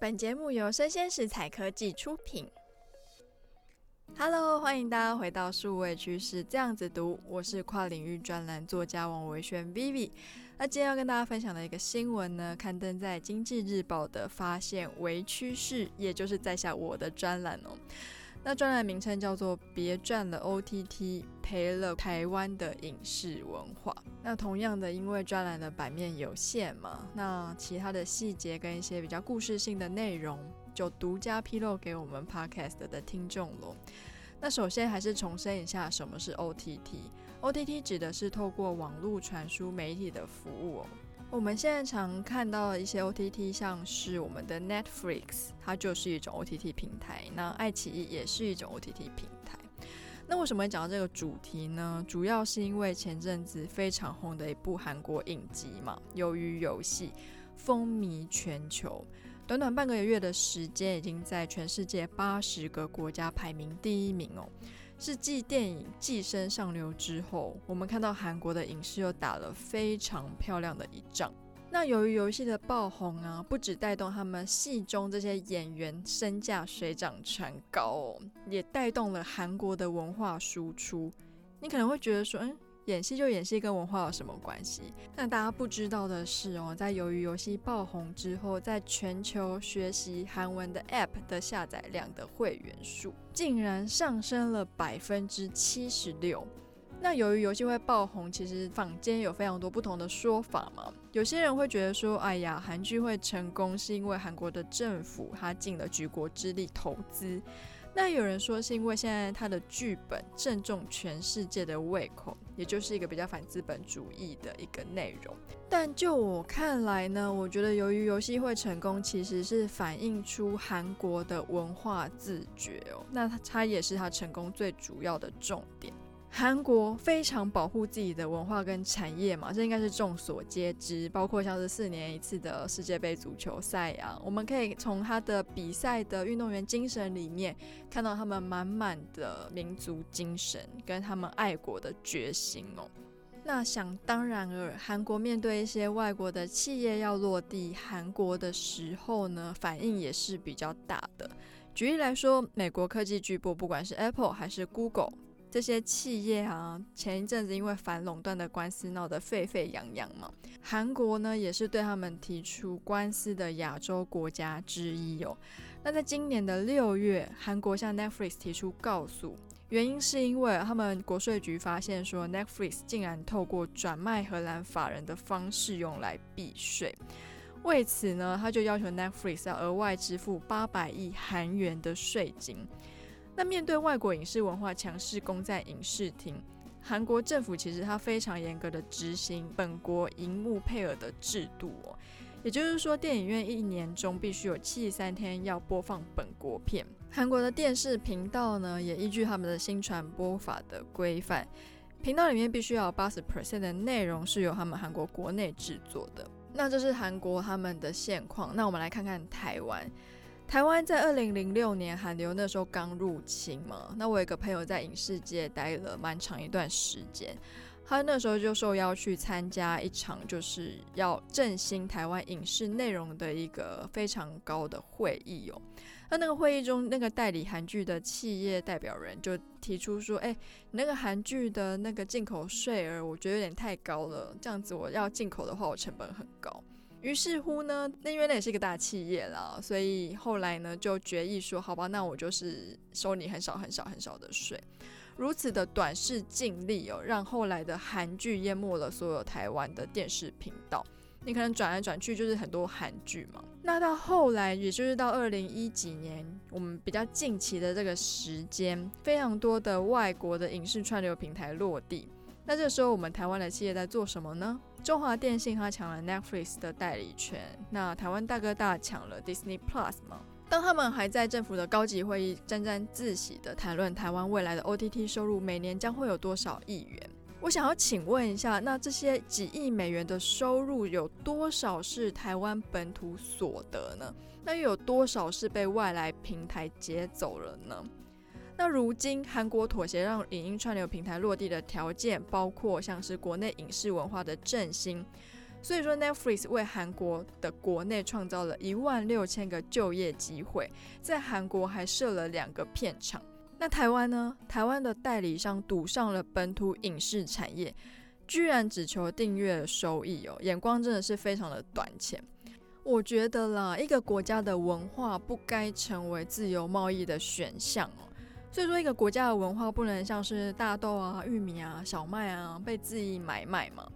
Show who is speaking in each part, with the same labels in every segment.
Speaker 1: 本節目由聲鮮時采科技出品。Hello，歡迎大家回到數位趨勢這樣子讀，我是跨領域專欄作家王維軒 Vivi。那今天要跟大家分享的一個新聞呢，刊登在《經濟日報》的發現微趨勢，也就是在下我的專欄哦。那專欄名稱叫做《別賺了 OTT，賠了台灣的影視文化》。那同樣的，因為專欄的版面有限嘛，那其他的細節跟一些比較故事性的內容，就獨家披露給我們 Podcast 的聽眾囉。那首先還是重申一下，什麼是 OTT？OTT OTT 指的是透過網絡傳輸媒體的服務哦。我們現在常看到的一些 OTT，像是我們的 Netflix，它就是一種 OTT 平台。那愛奇藝也是一種 OTT 平台。那為什麼會講到這個主題呢？主要是因為前陣子非常紅的一部韓國影集嘛，《魷魚遊戲》，風靡全球，短短半個月的時間，已經在全世界八十個國家排名第一名哦。是繼電影《寄生上流》之後，我們看到韓國的影視又打了非常漂亮的一仗。那由於遊戲的爆紅啊，不只帶動他們戲中這些演員身價水漲船高哦，也帶動了韓國的文化輸出。你可能會覺得說，嗯。演戲就演戲，跟文化有什麼關係？那大家不知道的是哦，在《魷魚遊戲》爆紅之後，在全球學習韓文的 App 的下載量的會員數竟然上升了百分之七十六。那魷魚遊戲會爆紅，其實坊間有非常多不同的說法嘛。有些人會覺得說，哎呀，韓劇會成功是因為韓國的政府他盡了舉國之力投資。那有人說是因為現在它的劇本正中全世界的胃口，也就是一個比較反資本主義的一個內容。但就我看來呢，我覺得由於遊戲會成功，其實是反映出韓國的文化自覺哦。那它它也是它成功最主要的重點。韓國非常保護自己的文化跟產業嘛，這應該是眾所皆知。包括像是四年一次的世界杯足球賽啊，我們可以從他的比賽的運動員精神裡面，看到他們滿滿的民族精神跟他們愛國的決心哦。那想當然耳，韓國面對一些外國的企業要落地韓國的時候呢，反應也是比較大的。舉例來說，美國科技巨擘，不管是 Apple 還是 Google。這些企業啊，前一陣子因為反壟斷的官司鬧得沸沸揚揚嘛，韓國呢也是對他們提出官司的亞洲國家之一哦、喔、那在今年的六月，韓國向 Netflix 提出告訴，原因是因為他們國稅局發現說 Netflix 竟然透過轉賣荷蘭法人的方式用來避稅，為此呢，他就要求 Netflix 要額外支付八百億韓元的稅金。但面對外國影視文化強勢攻占影視廳，韓國政府其實它非常嚴格的執行本國銀幕配額的制度哦，也就是說電影院一年中必須有七十三天要播放本國片。韓國的電視頻道呢，也依據他們的新傳播法的規範，頻道裡面必須要80%的內容是由他們韓國國內制作的。那這是韓國他們的現況，那我們來看看台灣。台灣在二零零六年韓流那時候剛入侵嘛，那我有一個朋友在影視界待了蠻長一段時間，他那時候就受邀去參加一場就是要振興台灣影視內容的一個非常高的會議喔。那那個會議中，那個代理韓劇的企業代表人就提出說：“欸，那個韓劇的那個進口稅額，我覺得有點太高了，這樣子我要進口的話，我成本很高。”於是乎呢，那因為那也是一個大企業啦。所以後來呢就決議說，好吧，那我就是收你很少很少很少的稅。如此的短視近利哦，讓後來的韓劇淹沒了所有台灣的電視頻道。你可能轉來轉去就是很多韓劇嘛。那到後來，也就是到二零一幾年，我們比較近期的這個時間，非常多的外國的影視串流平台落地。那這時候，我們台灣的企業在做什麼呢？中華電信它搶了 Netflix 的代理權，那台灣大哥大搶了 Disney Plus 嗎？當他們還在政府的高級會議沾沾自喜地談論台灣未來的 OTT 收入每年將會有多少億元，我想要請問一下，那這些幾億美元的收入有多少是台灣本土所得呢？那又有多少是被外來平台劫走了呢？那如今韓國妥協讓影音串流平台落地的條件，包括像是國內影視文化的振興，所以說 Netflix 為韓國的國內創造了一萬六千個就業機會，在韓國還設了兩個片場。那台灣呢？台灣的代理商賭上了本土影視產業，居然只求訂閱收益哦、喔，眼光真的是非常的短淺。我覺得啦，一個國家的文化不該成為自由貿易的選項。所以說，一個國家的文化不能像是大豆啊、玉米啊、小麥啊被恣意買賣嘛。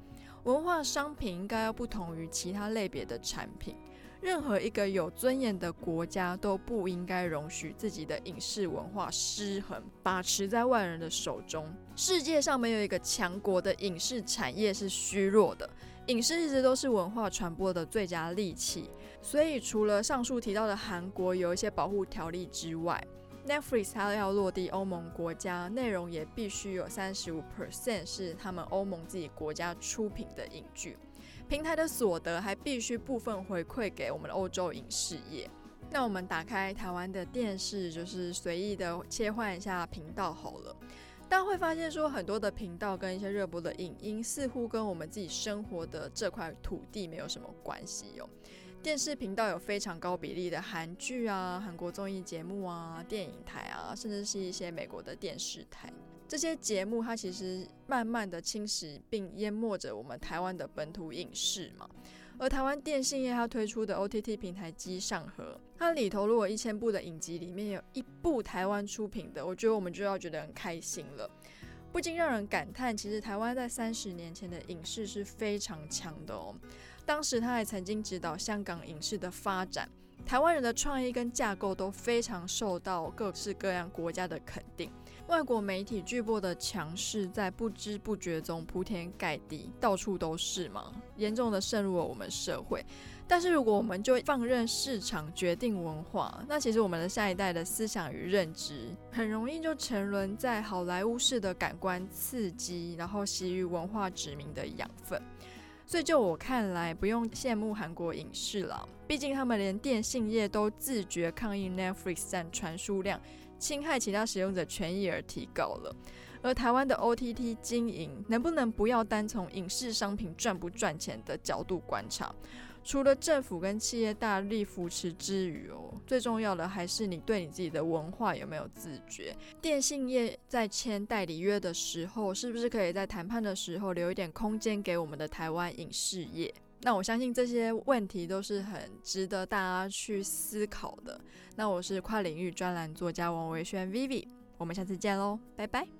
Speaker 1: 文化商品應該要不同於其他類別的產品。任何一個有尊嚴的國家都不應該容許自己的影視文化失衡，把持在外人的手中。世界上沒有一個強國的影視產業是虛弱的。影視一直都是文化傳播的最佳利器。所以，除了上述提到的韓國有一些保護條例之外，Netflix 還要落地歐盟國家，內容也必須有三十五 percent 是他們歐盟自己國家出品的影劇，平台的所得還必須部分回饋給我們的歐洲影視業。那我們打開台灣的電視，就是隨意的切換一下頻道好了，但會發現說，很多的頻道跟一些熱播的影音，似乎跟我們自己生活的這塊土地沒有什麼關係喲、哦。電視頻道有非常高比例的韓劇啊、韓國綜藝節目啊、電影台啊，甚至是一些美國的電視台。這些節目它其實慢慢的侵蝕並淹沒着我們台灣的本土影視嘛。而台灣電信業它推出的 OTT 平台機上盒，它裡頭如果一千部的影集裡面有一部台灣出品的，我覺得我們就要覺得很開心了。不禁讓人感嘆，其實台灣在三十年前的影視是非常強的哦。當時他還曾經指導香港影視的發展，台灣人的創意跟架構都非常受到各式各樣國家的肯定。外國媒體巨擘的強勢在不知不覺中鋪天蓋地，到處都是嗎？嚴重的滲入了我們社會。但是如果我們就放任市場決定文化，那其實我們的下一代的思想與認知很容易就沉淪在好萊塢式的感官刺激，然後習於文化殖民的養分。所以就我看來，不用羨慕韓國影視了，畢竟他們連電信業都自覺抗議 Netflix 佔傳輸量、侵害其他使用者權益而提高了。而台灣的 OTT 經營，能不能不要單從影視商品賺不賺錢的角度觀察？除了政府跟企業大力扶持之餘哦，最重要的還是你對你自己的文化有沒有自覺？電信業在簽代理約的時候，是不是可以在談判的時候留一點空間給我們的台灣影視業？那我相信這些問題都是很值得大家去思考的。那我是跨領域專欄作家王維軒 Vivi，我們下次見嘍，拜拜。